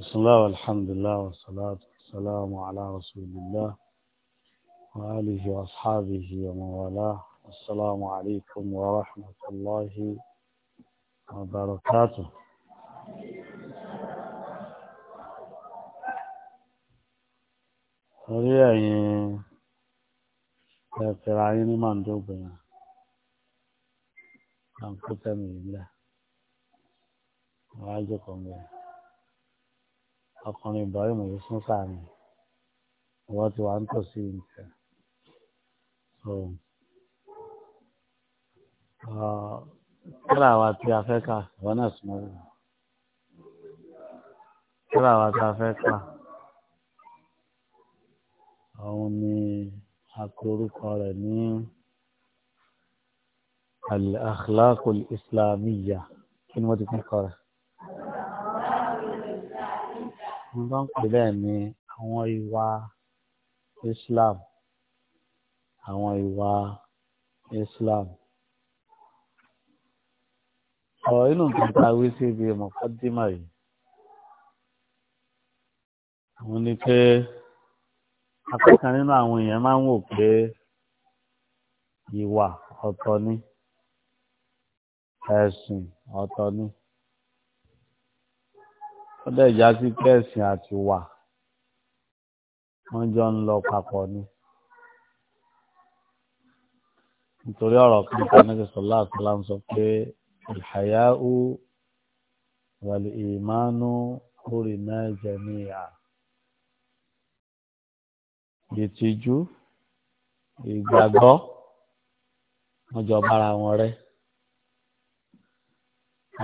بسم الله والحمد لله والصلاة والسلام على رسول الله وآله وأصحابه ومن والاه السلام عليكم ورحمة الله وبركاته orí ẹ̀yin ẹ̀fẹ̀rẹ̀ ayé ní màndógbìn à ń kó ọkùnrin ibrahim yìí sún sáàmì wọ́n ti wà ń tọ̀ sí nǹkan so uh, kíra wa tí a fẹ́ kà náà sún mọ́ kíra wa tí a fẹ́ òun ni akorúkọ rẹ̀ ní al islamiyya kí ni wọ́n ti kọ́ rẹ̀. ohun tó ń pè bẹ́ẹ̀ ni àwọn ìwà Islam àwọn ìwà Islam. ọ̀rọ̀ inú nǹkan tá a wí sí ibi mọ̀kọ́dímà yìí àwọn ni pé akọ́kàn nínú àwọn èèyàn máa ń wò pé ìwà ọ̀tọ̀ ni ẹ̀sìn ọ̀tọ̀ ni wọ́n dẹ̀ já sí pé ẹ̀sìn àti wà wọ́n jọ ń lọ papọ̀ ni nítorí ọ̀rọ̀ kan tó ní sọ̀lá àtàlà ń sọ pé ìhàyáú wàlẹ̀ ìmánú kórè náà jẹ̀míyà ìtìjú ìgbàgbọ́ wọ́n jọ bára wọn rẹ́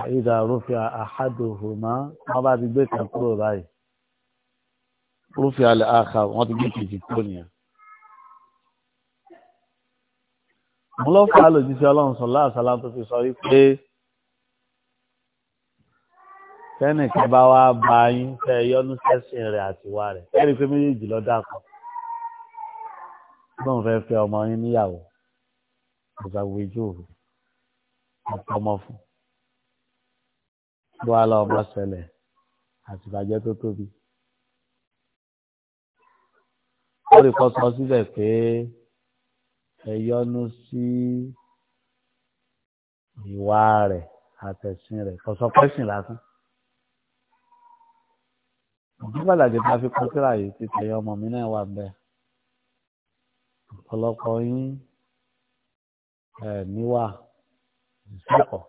àyídà rúfin àhádùhùmá wọn bá ti gbé kan kúrò báyìí rúfin alẹ́ àkà wọn ti gbé kejì kúrò nìyẹn. mo lọ fà á lòjíṣẹ́ ọlọ́run sọ̀lá àṣàlá tó fi sọ wípé tẹ́nìkan bá wá bá yín fẹ́ yọnu sẹ́sìn rẹ̀ àtiwá rẹ̀ ẹ̀rí pé méjèèjì lọ dàpọ̀ lóun fẹ́ fẹ́ ọmọ yín níyàwó ọ̀sàgbèjì òru ọ̀pọ̀ ọmọ fún un wàhálà ọba ṣẹlẹ̀ àtìbàjẹ́ tó tóbi. ó lè kọ́ sọ síbẹ̀ pé ẹ yọ́nú sí ìwà rẹ̀ àtẹ̀sìn rẹ̀ kọ́ sọ pẹ́sìn lásán. ìdí pàtàkì tá a fi kọ́síra yìí ti tẹ̀yẹ ọmọ mi náà wà bẹ́ẹ̀. ọ̀pọ̀lọpọ̀ yín ẹ̀ níwà ìṣẹ́kọ̀ọ́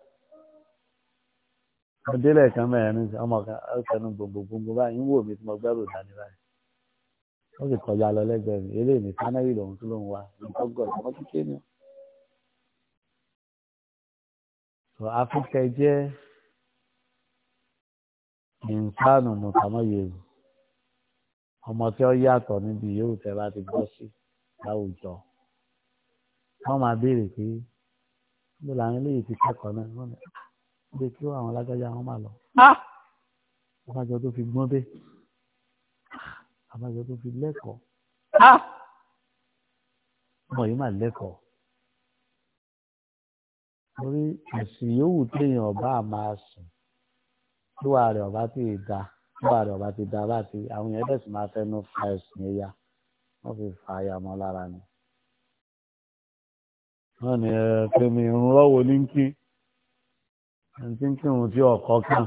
mo délẹ̀ kan mẹ́rin ní ọmọ kan ọkànnù gbogbogbò báyìí ń wò mí tí mo gbẹ́rù dání báyìí ó sì kọjá lọ lẹ́gbẹ̀ẹ́ mi eléyìí ní kánáwì lòun tó lòun wá ìtọ́gọ̀ ọmọ kékeré ni. tó afẹ́kẹ́ jẹ́ ìǹsánù mùtàmọ́yèrù ọmọ tí ó yàtọ̀ níbi yóò tẹ́ bá ti gbọ́ sí láwùjọ wọ́n máa béèrè pé bó làwọn eléyìí ti kẹ́kọ̀ọ́ náà bí kí àwọn alágbájá wọn máa lọ. àbájọ tó fi gbọ́n dé àbájọ tó fi lẹ́kọ̀ọ́ ọmọ yìí máa lẹ́kọ̀ọ́ torí ẹ̀sìn yòówù téèyàn ọba máa sùn lúwa rẹ̀ ọba ti da lúwa rẹ̀ ọba ti da bá ti àwọn yẹn tẹ̀sí máa fẹ́nu fa ẹ̀sìn ẹ̀yà wọ́n fi fa ẹ̀yà mọ́ lára ni. wọ́n ní ẹ lọ́wọ́ ní kí ẹni tí ń kírun tí ọkọ kàn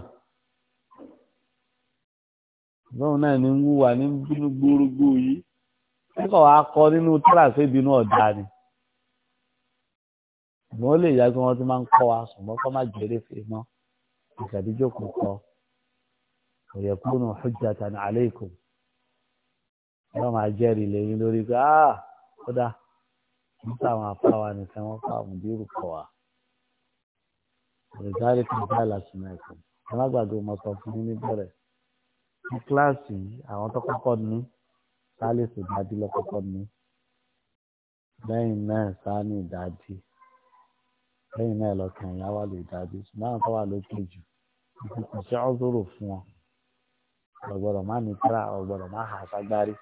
lọ́run náà ní ń wúwa ní bínú gbórógbó yìí kíkọ̀ wá kọ nínú tíráṣẹ́ ìbínú ọ̀dà ni ṣùgbọ́n ó lè yá pé wọ́n ti máa ń kọ́ wa ṣùgbọ́n kọ́ má jẹ́rẹ́ fè mọ́ ìṣàdíjókòó kọ́ òyẹ̀kúnnù hujjatan alaykum wọ́n máa jẹ́rìí lẹ́yìn lórí pé ah kódà nípa àwọn afáwa nìkan wọ́n fà mùdírù kọ́ wa ọ̀rẹ́dárí kan bá ìlàsìmọ̀ ẹ̀kọ́ alágbàdo mo sọ fún yín níbẹ̀rẹ̀ ní kíláàsì àwọn tó kọ́kọ́ ní sálẹ̀sì dájú lọ kọ́kọ́ ní lẹ́yìn náà sáni ìdájí lẹ́yìn náà lọ́kàn ìyá wà lè dájú ṣùgbọ́n àwọn tó wà lókè jù kò sí ọ́sọ́rò fún wọn ọ̀gbọ̀dọ̀ má ní tíra ọ̀gbọ̀dọ̀ má hà ságbárí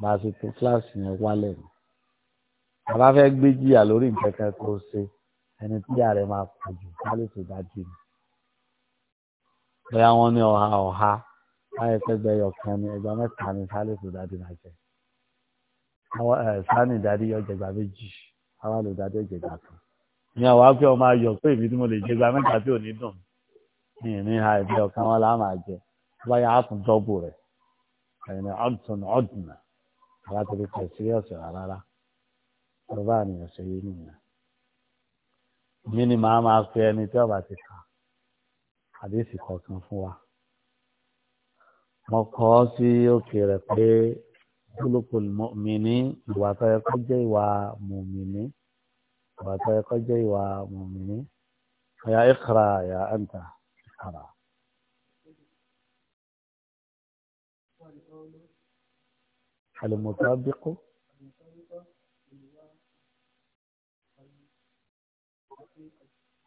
bá a ṣe tó kíláàsì yẹn wálẹ̀ ni bàbá fẹ́ gbé jìyà lórí nǹkan kan kó o ṣe ẹni tí ìyá rẹ̀ máa pọ̀ jù ká lè ṣe dájú ni. bóyá wọ́n ní ọ̀ha ọ̀ha láyé pẹ́gbẹ́ ọ̀kan ní ẹgbẹ́ mẹ́ta ní ká lè ṣe dájú náà jẹ. sáà ní ìdádí yọ jẹgba méjì àwọn olùdádí yọ jẹgba kan. ìyẹn wàá pé ọmọ ayọ̀ pé èmi tí mo lè jẹgba mẹ́ta tí ò ní dùn ní ìní ha ẹgbẹ́ ọ̀kan wọn láà máa jẹ á tún dọ́bù rẹ̀ ẹ̀yìn ọ̀dùn ọ̀dùn mí ni màá máa pe ẹni tí ọba ti kà àdéhùn kọ̀ọ̀kan fún wa mo kọ́ sí òkè rẹ̀ pé kúlùkùn mọ̀mìnì ìwà tó yẹ kó jẹ́ ìwà mọ̀mìnì ìwà tó yẹ kó jẹ́ ìwà mọ̀mìnì ya iqra ya anta iqra. المطابق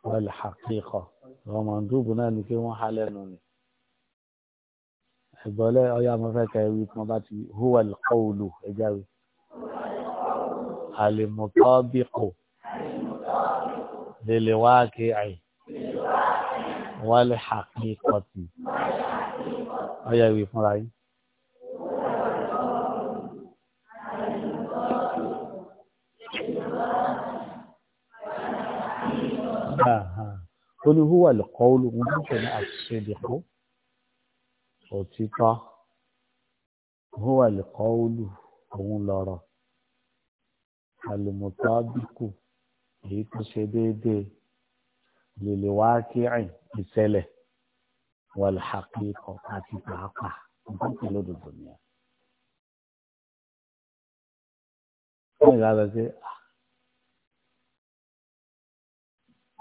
wal haqiqa àwọn mọ̀ndúbù náà ni pé wọ́n há lẹ́nu ni ẹ̀gbọ́lẹ̀ ọyá mo fẹ́ ka ewì tí wọ́n bá ti huwa al-qawlu ẹja wí. al-mutabiqu lil fúnra yín. ó ní húwà lẹ́kọ́ olóhùn tó tẹ̀lé àṣẹlẹ̀kọ́ òtítọ́ húwà lẹ́kọ́ olù òun lọ́rọ̀ àlùmọ́tàbíkù èyí tó ṣe déédéé lèlè wá kírin ìṣẹ̀lẹ̀ wàlhàkíkọ àti pàápàá nǹkan tó lódodo nìyẹn. wọ́n yà á lọ sí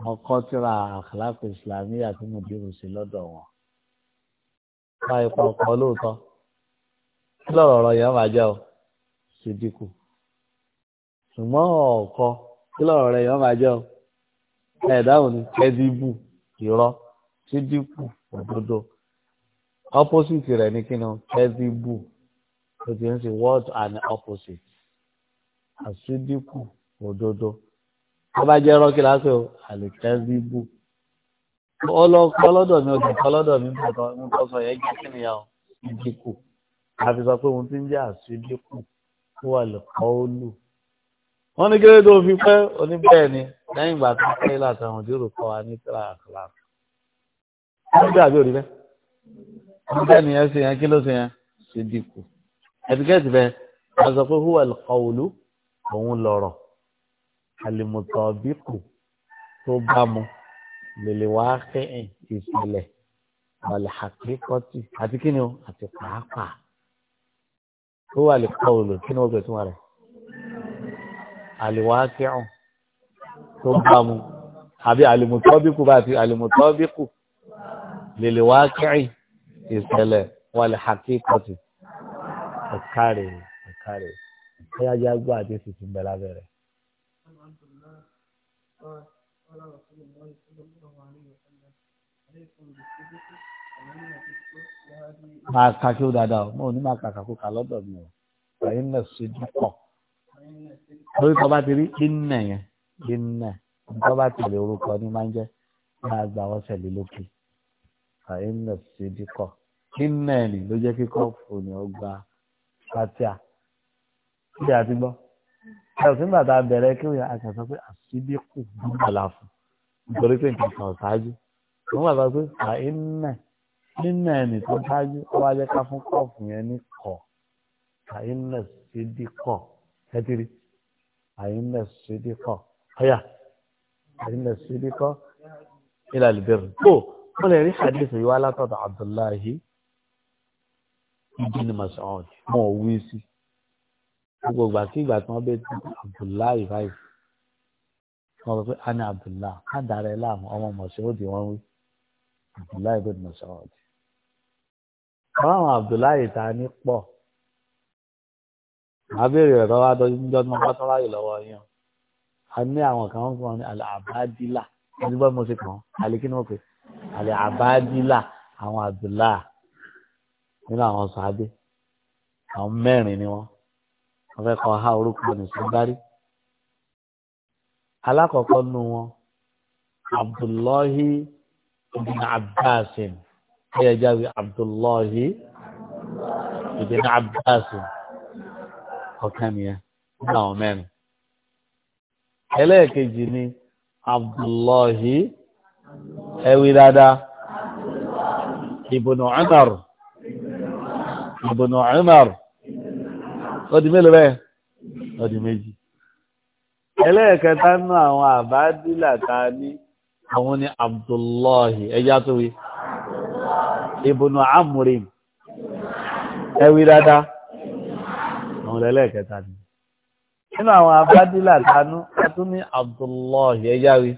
wọn kọ́ tíra àkàlàkù ìsìlámíyà tí mo dìbò sí lọ́dọ̀ wọn. wọ́n á ipa ọkọ̀ lóòótọ́ kí lọ́rọ̀ ọ̀rọ̀ yẹn máa jẹ́ o ṣe dínkù. ṣùgbọ́n ọ̀kọ́ kí lọ́rọ̀ rẹ̀ yẹn máa jẹ́ o ẹ̀ dáhùn ní kẹ́díbù irọ́ ṣe dínkù òdodo. opposite rẹ̀ ní kí ni kẹ́díbù ó ti ń ṣe word and opposite àṣídínkù òdodo wọ́n bá jẹ́ rọ́ọ̀kì lásìkò àlùkẹ́síbù ọlọ́kọ́ ọlọ́dọ̀ mi òkè ọlọ́dọ̀ mi ń kọ́ sọ yẹn jẹ́ kínìyàn ìdínkù àfi sọ pé òun ti ń jẹ́ àṣídínkù tó wà lọ́kọ́ ó lù. wọ́n ní kéré tó fi pẹ́ oníbẹ̀ẹ́ ni lẹ́yìn ìgbà tó pẹ́ látàwọn òdìrò kọ́ wa ní kíláàkíláà. wọ́n dàbí òrí bẹ́ẹ̀ wọ́n bẹ́ẹ̀ nìyẹn ṣe yẹn kí ló ṣe yẹn ṣe dínkù. bẹ́ẹ̀ wọ́n sọ pé àlìmùtọ̀bíkù tó bá mu lèlè wá kẹ́hìn ìṣẹ̀lẹ̀ ọ̀lẹ̀ àkíkọ́tì àti kíni o àti pàápàá tó wà lè kọ́ òòlù kíni o bẹ̀ tún wà rẹ̀ àlìwákẹ́hùn tó bá mu àbí àlìmùtọ́bíkù bá ti àlìmùtọ́bíkù lèlè wá kẹ́hìn ìṣẹ̀lẹ̀ ọ̀lẹ̀ àkíkọ́tì ọ̀kárẹ̀ ọ̀kárẹ̀ ọ̀yájú àgbà àti ìsìtìmbẹ̀ lábẹ́rẹ̀. قال قال رسول الله صلى الله عليه وسلم عليكم بالصدق ومن يصدق فهذه máa ka kí ó dáadáa mo ò ní máa kàkà kó kà lọ́dọ̀ mi o ẹ̀yin náà ṣe dúpọ̀ torí tọ́ bá ti rí iná yẹn iná tọ́ bá tẹ̀lé orúkọ ní máa ń jẹ́ máa gba ọ̀sẹ̀ lé lókè ẹ̀yin náà ṣe dúpọ̀ iná ẹ̀ ló jẹ́ kíkọ́ fún ọgbà fatia kí a ti gbọ́ ẹ̀sìn bàtà bẹ̀rẹ̀ kí wọ́n àkàtà pé àṣìbí kù nígbà láàfù nítorí pé nǹkan kan ṣáájú wọ́n bàtà pé à iná iná ẹni tó ṣáájú ó wá jẹ́ ká fún kọ́ọ̀fù yẹn ní kọ̀ à iná ṣèdí kọ̀ ẹtìrí à iná ṣèdí kọ̀ ọ̀yà à iná ṣèdí kọ̀ ilà lìbẹ̀rù tó wọ́n lè rí hadith yìí látọ̀dọ̀ Abdullahi ibn Mas'ud wọn ò wí sí gbogbo ìgbà kí ìgbà tí wọ́n bẹ tí abdullahi báyìí wọ́n sọ pé ani abdullahi á dára ẹ láàmú ọmọ mọ̀ṣọ́ọ̀dì wọ́n wí abdullahi bẹ́ẹ̀ ni mọ̀ṣọ́ọ̀dì. àwọn abdullahi ta ni pọ̀ àbẹ̀rẹ̀ rẹ̀ tọ́wá tó ń jọ́ ní wọ́n bá tọ́lá yìí lọ́wọ́ yín o a ní àwọn kan wọ́n fún wọn ní àbádìlà ẹni bọ́ mo ṣe kàn án kí ni wọ́n pè àlè àbádìlà àwọn abdullahi nínú àwọn sàádé àwọn mẹ́rin ni wọ́n wọ́n fẹ́ kọ́ ha orúkọ nìkan gbárí. alákọ̀ọ́kọ́ nu wọn abdullahi ibn abbasin ẹ̀yẹ jáde abdullahi ibn abbasin ọ̀kan nìyẹn nínú àwọn mẹ́rin. ẹlẹ́ẹ̀kejì ni abdullahi ẹ̀wí dáadáa ibn umar ibn umar ó di mélòó bẹ́ẹ̀ ó di méjì ẹlẹ́ẹ̀kẹta nú àwọn àbádìlà ta ní àwọn ni abdullahi ẹjá tó wí ibùnú amúrin ẹwí dáadáa àwọn ẹlẹ́ẹ̀kẹta ni nínú àwọn abádìlà ta nú a tún ní abdullahi ẹjá wí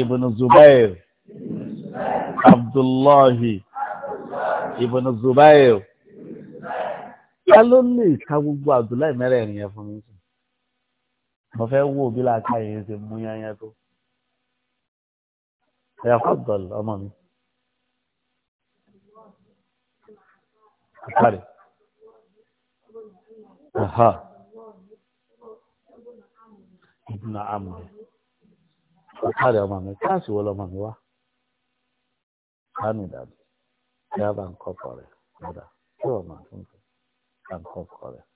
ibùnú zubair abdullahi ibùnú zubair ká ló lè ka gbogbo Abdullahi mẹ́rẹ̀ẹ̀rin yẹn fún mi sùn mo fẹ́ wò bí làákà yẹn ṣe mú yányá tó ẹ̀yà kó dọ̀lù ọmọ mi. Akari. Aha. Ibùnà àmì. Akari ọmọ mi, káàsì wọlé ọmọ mi wá. Sáàmì dàbí. Yá bá pọ̀ rẹ̀. Yọ̀dà. Kí ọmọ tó àkọ́kọ́ rẹ̀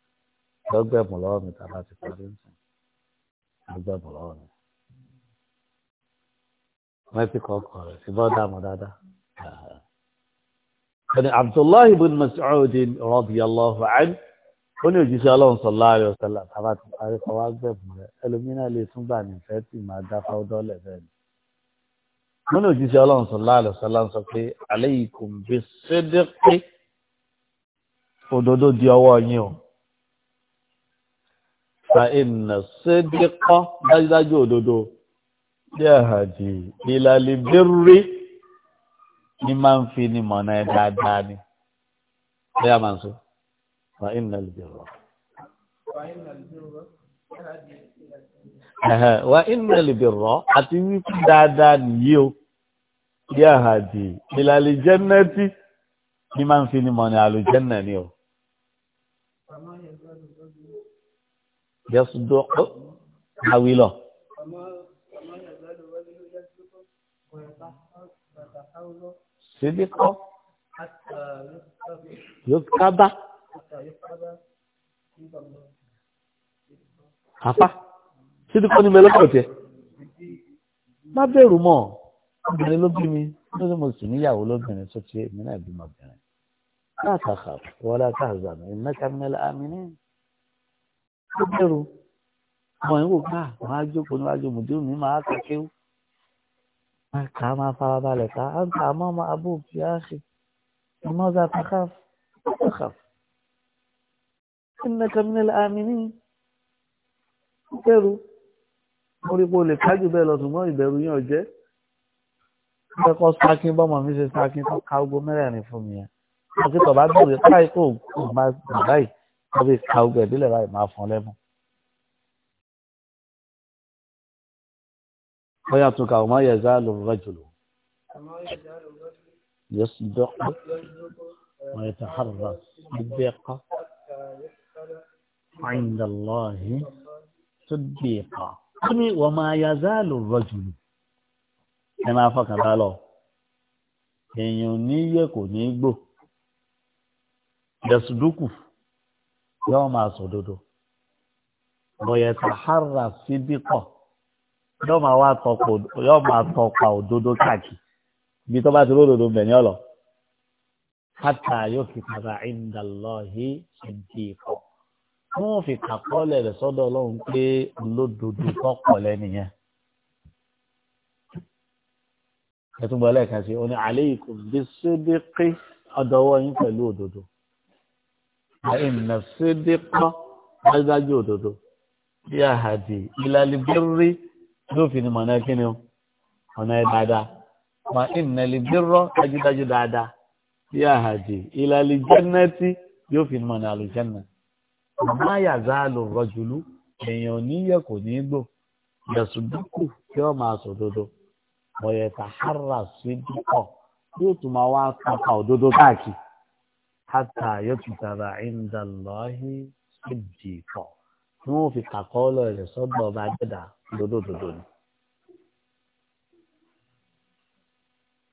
lọ́gbẹ̀mù lọ́wọ́ mi tàbá ti parí nsìn lọ́gbẹ̀mù lọ́wọ́ mi. wọ́n ti kọ́kọ́ rẹ̀ sí bọ́dà mọ́ dáadáa. ẹni abdullahi bin mas'ud radiyallahu anhu ó ní òjíṣẹ́ ọlọ́run sallallahu alaihi wasallam tàbá ti parí kọ́ wá gbẹ̀mù rẹ̀ ẹlòmínà lè tún gbà ní ìfẹ́ tì máa dá fáwọ́dọ́ lẹ̀ bẹ́ẹ̀ ni. wọ́n òjíṣẹ́ ọlọ́run sallallahu alaihi wasallam sọ pé alaykum bis-sidqi òdodo di ọwọ́ yín o fa inna sídíkọ dájúdájú òdodo yahadi ìlàlí bírí ní máa ń fi ni mọ̀nà ẹ̀ dáadáa ni bẹ́ẹ̀ máa ń sọ fa inna al-birra. wa inna al-birra àti wípé dáadáa nìyí o yahadi ìlàlí jannati ní máa ń fi ni mọ̀nà àlùjẹ́nà ni o yasudoko awilọ. sidikọ yokaba afa sidikọ ni mẹlẹ kọtẹ má bẹ̀rù mọ́ obìnrin ló bí mi ló ní mo sì níyàwó lóbìnrin tó ti èmi náà bímọ obìnrin. لا تخاف ولا تحزن إنك من الآمنين ó bẹ̀rù àwọn ìwò ká wọn á jókòó níwájú mùdírù ní màá kékeré máa kà á máa farabalẹ̀ ká á ń kà á mọ́ ọmọ abú fi á ṣe ìmọ̀ọ́sà takhaf takhaf innaka minal aminin ó bẹ̀rù mo rí pé o lè kájú bẹ́ẹ̀ lọ ṣùgbọ́n ìbẹ̀rù yẹn ò jẹ́ ó fẹ́ kọ́ sákin bọ́mọ mi ṣe sákin tó ká ogbó mẹ́rẹ̀ẹ̀rin fún mi yẹn wọ́n fi tọ̀bá dùn yẹn káyìí kò kò má dùn báyìí wọ́n fi ka ogun ìbílẹ̀ báyìí máa fọ́n lẹ́mú. wọ́n yàtọ̀ kà wọ́n yẹ zá lò rẹ̀ jùlọ. yẹ́sù dọ́kọ̀ wọ́n yẹ tàhárà ẹgbẹ́ kọ́ àyìndàlọ́hì tó dé kọ́. wọ́n ní wọ́n máa yẹ zá lò rẹ̀ jùlọ. ẹ máa fọkàn bá lọ. èèyàn ní yẹ kò ní gbò. yasuduku yóò máa sòdodo bọ̀yẹ̀ sahara síbíkọ̀ yóò máa wá tọpọ̀ yóò máa tọpa òdodo káàkiri ibi ti ródòdó mbẹ̀ ni ọ̀lọ́ hátà yóò fi kàrà ìndàlọ́hì ṣèǹtìkọ̀ wọ́n fi kàkọ́lẹ̀ rẹ̀ sọ́dọ̀ ọlọ́run pé olódodo àìnà sídìkọ́ dájúdájú òdodo bí àhàdì ìlàlíbírí lófin ni mọ̀nà kíni o ọ̀nà ẹ̀ dáadáa wà ìnà líbírọ́ dájúdájú dáadáa bí àhàdì ìlàlíjẹ́nẹ́tì yóò fi mọ̀nà àlùjẹ́nà má yàgá lò rọ̀jùlú èèyàn níyẹ kò ní gbò yẹ̀sùn dínkù kí ọ máa sọ mọ̀yẹ̀ta hàrà sídìkọ́ yóò tún máa wá kápá òdodo káàkiri hátà yóò ti tàbà ìndàlọ́hì síbi ìkọ̀ tí wọ́n fi kàkọ́ọ́lọ̀ rẹ̀ sọ́dọ̀ ọba dẹ́dà lódòdòdò ni.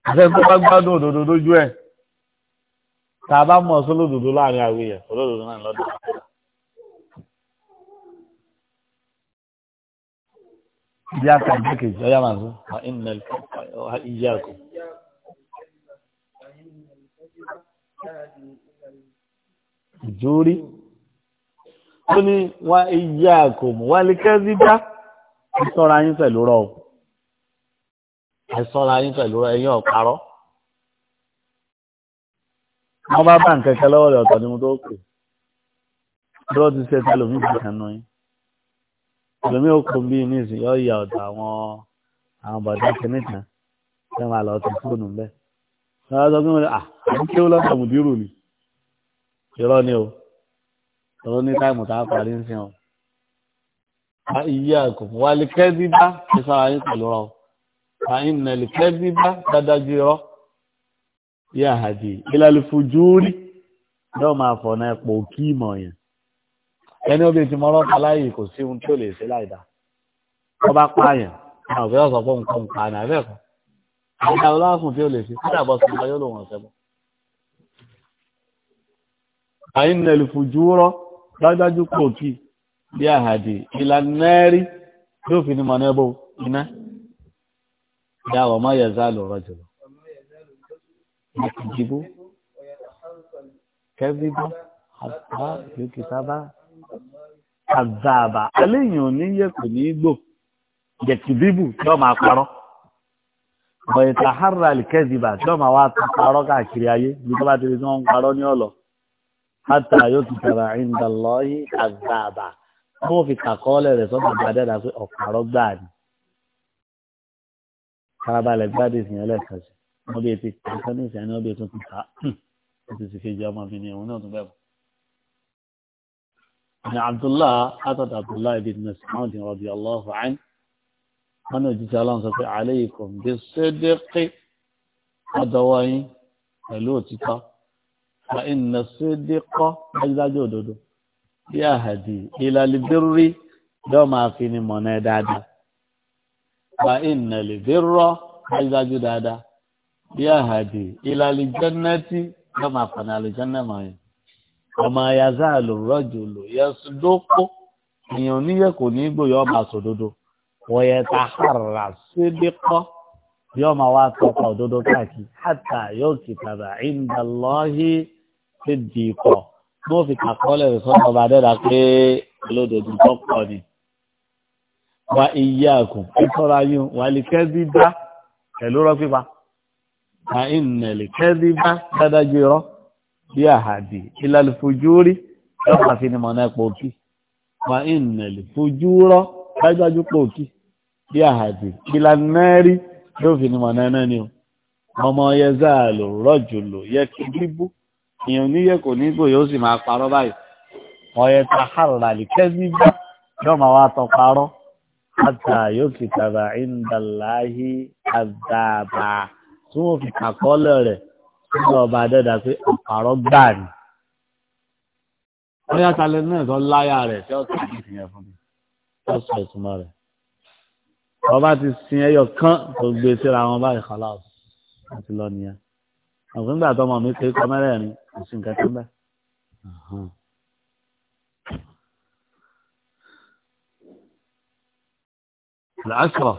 àtẹ́ni tó bá gbádùn òdòdó lójú ẹ̀ tá a bá mọ̀ ọ́ sólódòdó láàrin àwọn èèyàn olódòdó náà lọ́dọ̀ ìdí àtàgbé kejì ọ̀yá màá sọ ìyá ẹ̀kọ́ ìjórí ó ní wá iyá àkòmù wá lè kẹ́sí dá ìsọ́ra yín pẹ̀lú rọ o àìsọ́ra yín pẹ̀lú rọ ẹ̀yìn ọ̀parọ́ wọ́n bá bá nǹkan kan lọ́wọ́ rẹ̀ ọ̀tọ̀ ni mo tó kù dúró ti ṣe tẹlomi bí kan náà yín tẹlomi ó kún bí ní ìsìn yọ ìyá ọ̀dọ̀ àwọn àwọn bọ̀dá kìíní kan ṣé máa lọ ti fóònù bẹ́ẹ̀ lọ́wọ́ sọ pé mo ní à ń kí ó ni irọ́ ni o irọ́ ní táìmù tá a parí ń sìn o iye àkùkù wa lè kẹ́ bí bá ṣe sára yín pẹ̀lú rọ àyìn nà lè kẹ́ bí bá dáadáa ju irọ́ yíyá àdì ìlàlẹ̀ fojú rí yóò máa fọ̀ náà pọ̀ kí ìmọ̀ yẹn ẹni obìnrin ti mọ́rọ́ pa láàyè kò sí ohun tí ò lè ṣe láì dá ọba pààyàn àwọn òbí ọ̀sán fún nǹkan nǹkan àná ẹ̀fẹ̀ kan àwọn ọlọ́run tí ò lè ṣe kádàbọ̀ sọ̀rọ̀ yóò àyínlẹ̀lì fùjúrọ́ dájájú pò kí bí àhàdì ìlànẹ́rí yóò fi ní mọ̀nẹ́bó iná dáwọ̀ má yẹ záàlù rọ́jùlọ ìdìbò kẹ́bíbọ́ àbá yókìtábá àzàbà aléyìn òní yẹ kò ní gbò jẹ̀kìdìbù tí ó máa parọ́ bọ̀yẹ̀tà harald kẹ́zìbà tí ó máa wá parọ́ káàkiri ayé bí tí wọ́n ń parọ́ ní ọ̀lọ́ hátà yóò ti tara ìndà lọ́yìn àgbààbà wọ́n fi kàkọ́ọ́lẹ̀ rẹ̀ sọ́dọ̀ gbadẹ́dà pé ọ̀pàrọ̀ gbà ní. farabalẹ̀ gbádùn ìsìn ẹlẹ́ẹ̀kan sí wọ́n bí etí kankan ní ìsìn ẹni wọ́n bí etí tuntun ká hmm. ó ti sì kejì ọmọ mi ní òun náà tún bẹ́ẹ̀ bọ̀. ní abdullah atad abdullah ibn Mas'ud radiyallahu anhu wọn ní òjijì aláwọ̀ sọ pé alaykum bis-sidqi ọdọwọ́ yín pẹ̀lú òtítọ́ fa iná sídí kọ́ dájúdájú òdodo bí àhàdì ìlàlìbírí yóò máa fi ni mọ̀nà ẹ̀ dáadáa fa iná lìbírọ́ dájúdájú dáadáa bí àhàdì ìlàlìjẹ́nẹ́tì yóò máa fọ̀nà àlùjẹ́nẹ́ mọ̀ yẹn ọmọ ayáza àlùrọ́jò lò yẹ sódókó èèyàn oníyẹ kò ní gbòòyà ọba sòdodo wọ̀nyẹ tàhárà sídí kọ́ yóò máa wá tọpa òdodo káàkiri hàtà yóò kìtàbà ìndàlọ́hìí pé dìpọ̀ mo fi kàkọ́lẹ̀ rẹ̀ sọ́dọ̀ ọba dẹ́ra pé olódodo tó pọ̀ ni. wa iye àkùn ìtọ́ra yín wà lè kẹ́ bí bá pẹ̀lú rọ́ pípa. à ń nà lè kẹ́ bí bá dádájú irọ́ bí àhàdì ìlàlù fojú rí lọ́pàá fi ni mọ̀nà ẹ̀pọ̀ òkì. wa ń lè fojú rọ́ dájú pọ̀ òkì bí àhàdì ìlànà rí yóò fi ni mọ̀nà náà ni o. ọmọ yẹ záà lò rọ́jò lò yẹ kí bíbú èèyàn níyẹ kò ní gbòòyè ó sì máa parọ́ báyìí ọ̀yẹ́ ta hàrùlà lè kẹ́sí bá yóò máa wá tọ́ parọ́ àtà yóò fi tàbà ìndàláhì àdàbà tí wọ́n fi kàkọ́lẹ̀ rẹ̀ nígbà ọba adẹ́dà pé àpàrọ̀ gbà ní. ọ̀yẹ́ atalẹ̀ náà tó láyà rẹ̀ tí ó tà ní ìfìyàn fún mi ó sọ ìtumọ̀ rẹ̀. ọba ti sin ẹyọ kán tó gbé síra wọn báyìí kọ́lá àti lọ nìyẹn. òfin gbà tọmọ mi pé kọ́mẹ́rẹ́ rin kò sí nǹkan kan bẹ́ẹ̀. العشرة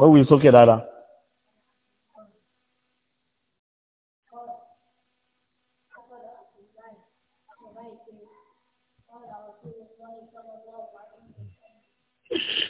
هو يسوكي لا Thank you.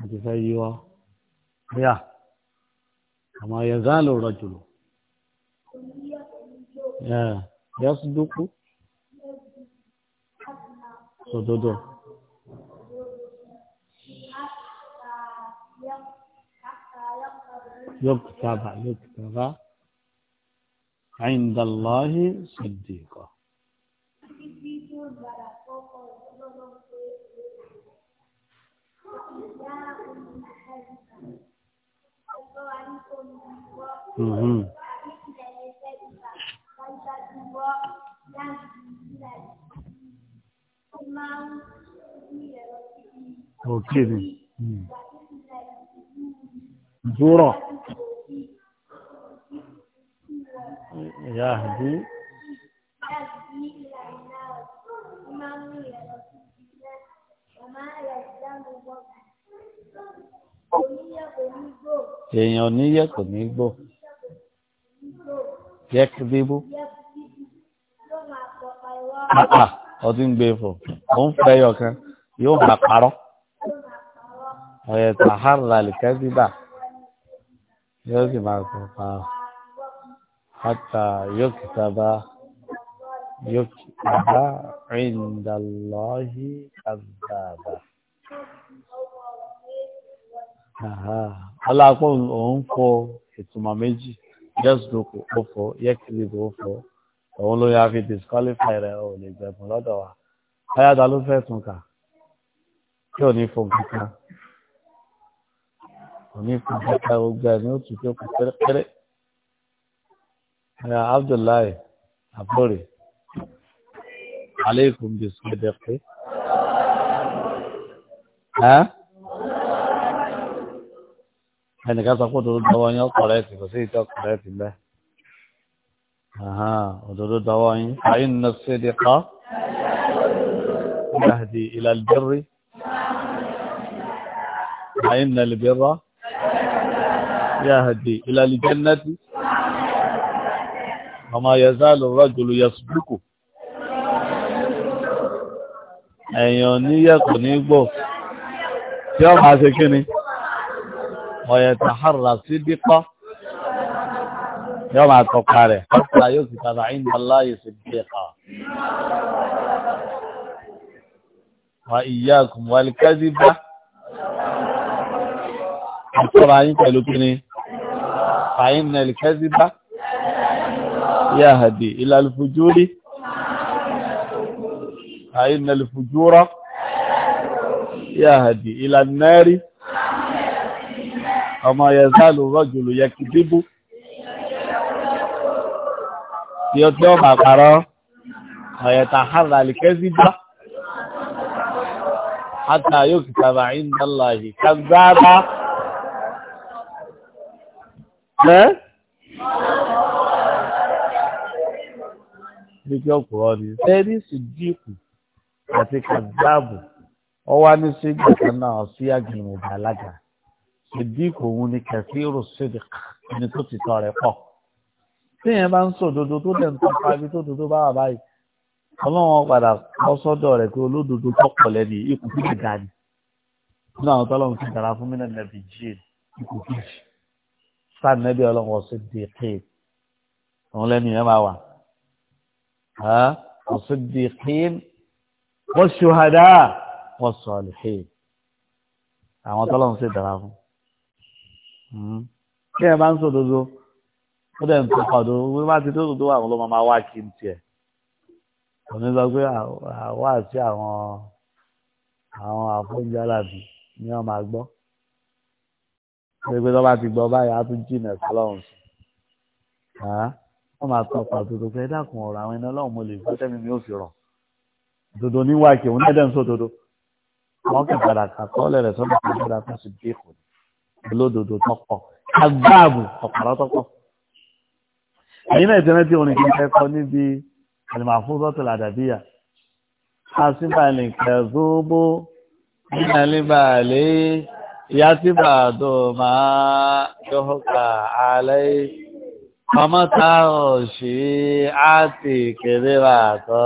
àti fẹ́ yí ọ bíyà àmọ́ yẹ̀zá ló rọ̀jò lò yẹ́sùdúkú sòdodo. يكتب يكتب عند الله صديقا Mm-hmm. Okay. Mm. Zura. èèyàn níyẹ kò ní gbò yẹkìdìbò ọdún gbé fò ó ń fẹ́ yọkan yóò máa parọ́ ọ̀yẹ̀ tàhárà lìkẹ́ bíbà yóò sì máa kó pa hátà yóò kìtà bá yóò kìtà bá rìndàlọ́hì kàdàbà aláàpọ̀ òun fọ ìtumọ̀ méjì yẹ́sùdókò ó fọ yẹ́kìlìbò ó fọ òun ló yà fi disqualify rẹ̀ ò lè gbẹ̀bùn lọ́dọ̀ wa ayáda ló fẹ́ tún kà tí o ní fún kankan o ní fún kankan gbogbo ẹ̀ ní ó tún kéku pẹ́rẹ́pẹ́rẹ́ ẹ̀yà Abdullahi àbúrò aleikum bisu ẹ̀dẹ̀ pé. Huh? انا اقول اها 系你家属做到导演过来，是不是叫过来听的？啊哈，我做到导演，欢迎那些的卡，拉迪伊拉的瑞，欢迎那里边吧。يا يهدي إلى البر البر يهدي الى الجنة وما يزال الرجل يسبق أيوني يا كنيبو شو حاسكني ويتحرى صدقة يوم التقارة حتى يكتب عند الله صديقا وإياكم والكذب أكثر عين قالوا فإن الكذب هدي إلى الفجور فإن الفجور يا هدي إلى النار ọmọ yẹzálù rọ́jùlù yẹ kí bíbú tí ó tí ó bà parọ́ ọ̀yẹ̀ta hàrà lìkẹ́sí bá hátà yóò kì tàbà ìndàlá yìí kàgbáàbá ẹ́ ní kí ni fẹ́rí sùdíkù àti kàgbáàbù ọwá ní sí gbẹ̀kan náà sí àgbìmọ̀ ìdàlágà sèdíkù òun ni kẹfíìrù sídìk ẹni tó ti tọrẹ pọ̀ téèyàn bá ń sọ òdodo tó dẹ̀ ń tọ́ pàbí tó dodo bá wà báyìí ọlọ́run padà bọ́ sọ́dọ̀ rẹ̀ pé olódodo tọ́pọ̀ lẹ́nu ikú kí lè dání nínú àwọn tọ́lọ́run fi dára fún mílíọ̀nù nàbì jíìn ikú kí jì sáà nẹ́bí ọlọ́run ọ̀sídìkì òun lẹ́nu yẹn máa wà ọ̀sídìkì wọ́n ṣùhàdá wọ́n sọ̀lẹ̀ àwọn tọ́lọ́run sì dára fún kí hmm. ẹ bá ń sòdodo ó dẹ̀ ń tó pàdó wí bá ti tó tó àwọn ló máa wá kí n tiẹ̀ òní sọ pé àwa àti àwọn àwọn àfọ́njá làbí ni wọ́n máa gbọ́ pé pé tó bá ti gbọ́ báyìí á tún jìnà sọlọ́run sí wọ́n máa tọ́ pàtó tó pé dákun ọ̀rọ̀ àwọn ẹni ọlọ́run mo lè gbọ́ tẹ́mi mi ò fi rọ̀ dodo níwájú òun náà dẹ̀ ń sòdodo wọ́n kì padà kà kọ́ lẹ́rẹ̀ sọ́dọ̀ kí n padà fún sí bí èkó olódodo tọpọ agbáàbù ọpọlọ tọpọ èyí náà ìtẹ́rẹ́ tí orin kìí kọ́ níbi àlùmọ̀ fún sọ́tìlà àdàbíyà asíbàlì kẹzóbó nínàlíbàlẹ̀ yàtìbàdó máa yọ̀ọ́kà alẹ́ ọmọta òṣì àti kẹrẹ́rà tọ́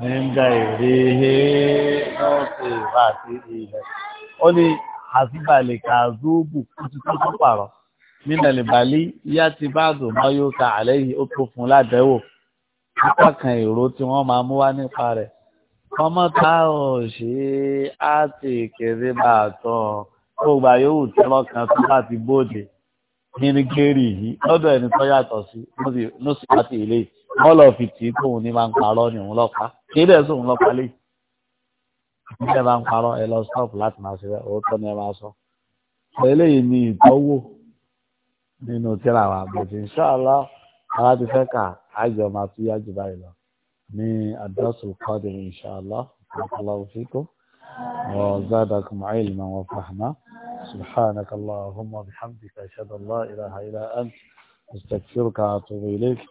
nígbà ìrírí náà sì wà sí ilẹ̀ àfibàlẹ̀ kàzóòbù ó ti tó tún pààrọ̀ nílẹ̀ bàálí yá ti bá dùn mọ́ yóò ka àlẹ́ yìí ó tó fún ládẹ́wò nípa kan èrò tí wọ́n máa mú wá nípa rẹ̀ ọmọ tá ò ṣe á ti kéré máa tán ó gba yòówù tẹ́lọ̀ kan tó bá ti bóde kínníkéré yìí lọ́dọ̀ ẹni tó yàtọ̀ sí ló sì bá wọ́n lọ fi tì í kóun ní máa ń parọ́ ni òun lọ́pàá kí lẹ́sùn lọ́pàá léyìí nígbà bá ń parọ́ ẹ lọ stop láti máa ṣe bẹ́ẹ̀ òótọ́ ni ẹ máa sọ. eléyìí ni ìtọ́wò nínú tíra wa bẹ̀tì inṣàlá ara ti fẹ́ kà ájọ máa tún yájú báyìí lọ ní adọ́sù kọ́dì inṣàlá barakallahu fikum wa zadakum ilman wa fahma subhanaka allahumma bihamdika ashhadu an la ilaha illa ant astaghfiruka wa atubu